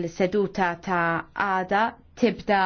l-seduta ta' għada tibda